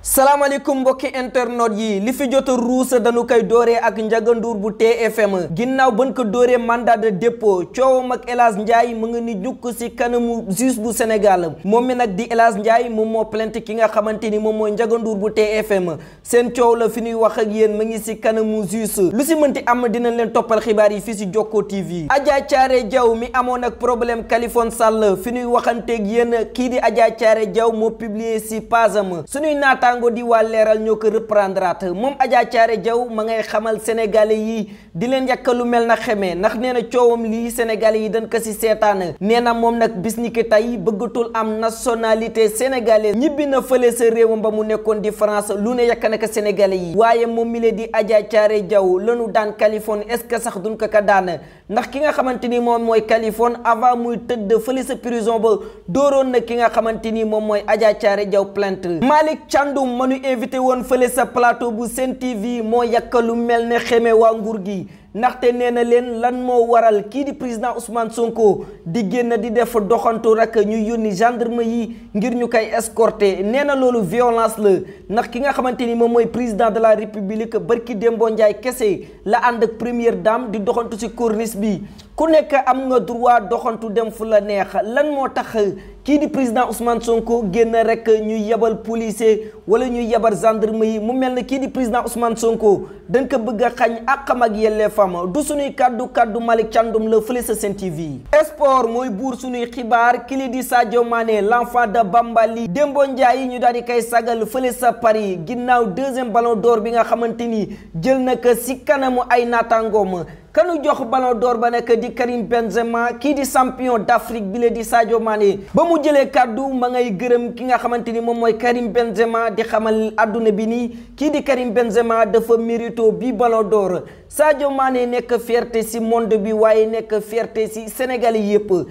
salaamaaleykum mbokki internet yi li fi jot a ruusa dañu koy dooree ak njaganduur bu TFM ginnaaw bën ko dooree mandat de dépôt coowam ak El Hadj Ndiaye mu ngi ni jukk ci kanamu juge bu Sénégal moom mi nag di El Hadj Ndiaye moom moo plainte ki nga xamante ni moom mooy njaganduur bu TFM seen coow la fi ñuy wax ak yéen mu ngi ci kanamu juge lu ci mënti am dinañ leen toppal xibaar yi fii ci Jokko TV Adja Thiaré Diaw mi amoon ak problème Kalifone Sall fi ñuy waxanteeg yéen kii di Adja Thiaré Diaw moo publier suñuy naat naataango di wàlleeral leeral ñoo ko reprendre moom Adja Thiaré Diaw ma ngay xamal sénégalais yi di leen yàkka lu mel na xeme ndax nee na coowam lii sénégalais yi dan ko si seetaan nee na moom nag bis ni ki tey bëggatul am nationalité sénégalaise ñibbi na fële sa réewam ba mu nekkoon di France lu ne yàkk na ko sénégalais yi waaye moom mi le di Adja jaw Diaw lanu daan Californie est-ce que sax duñ ko ka daan ndax ki nga xamante ni moom mooy Californie avant muy tëdd fële sa prison ba dooroon na ki nga xamante ni moom mooy Adja Thiaré Diaw plainte Malick Thiandoum ma nu invité woon fële sa plateau bu Sen TV moo yàkkalu mel ne xeme waa nguur gi ndaxte nee na leen lan moo waral kii di président Ousmane Sonko di génn di def doxantu rek ñu yónni gendarme yi ngir ñu koy escorter nee na loolu violence la ndax ki nga xamante ni moom mooy président de la république barki Dembo Ndiaye kese la ànd ak première dame di doxantu ci corniche bi. ku nekk am nga droit doxantu dem fu la neex lan moo tax kii di président Ousmane Sonko génn rek ñu yebal policier wala ñu yebal gendarme yi mu mel ne kii di président Ousmane Sonko dañ ko bëgg a ak àqam ak yelleefam du suñuy kàddu kàddu Malick Thiandoum la fële sa Sen TV. sport mooy buur suñuy xibaar kii di Sadio Mané l'enfant de Bambali Dembo yi ñu daal di koy sagal fële sa Paris ginnaaw deuxième ballon d'or bi nga xamante ni jël na ko si kanamu ay naataangoom. kanu jox ballon door ba nekk di Karim Benzema kii di champion d'Afrique bi la di Sadio Mané ba mu jëlee kàddu ma ngay gërëm ki nga xamante ni moom mooy Karim Benzema di xamal àdduna bi nii kii di Karim Benzema dafa mirito bi ballon door Sadio Mané nekk fierté si monde bi waaye nekk fierté si Sénégal yépp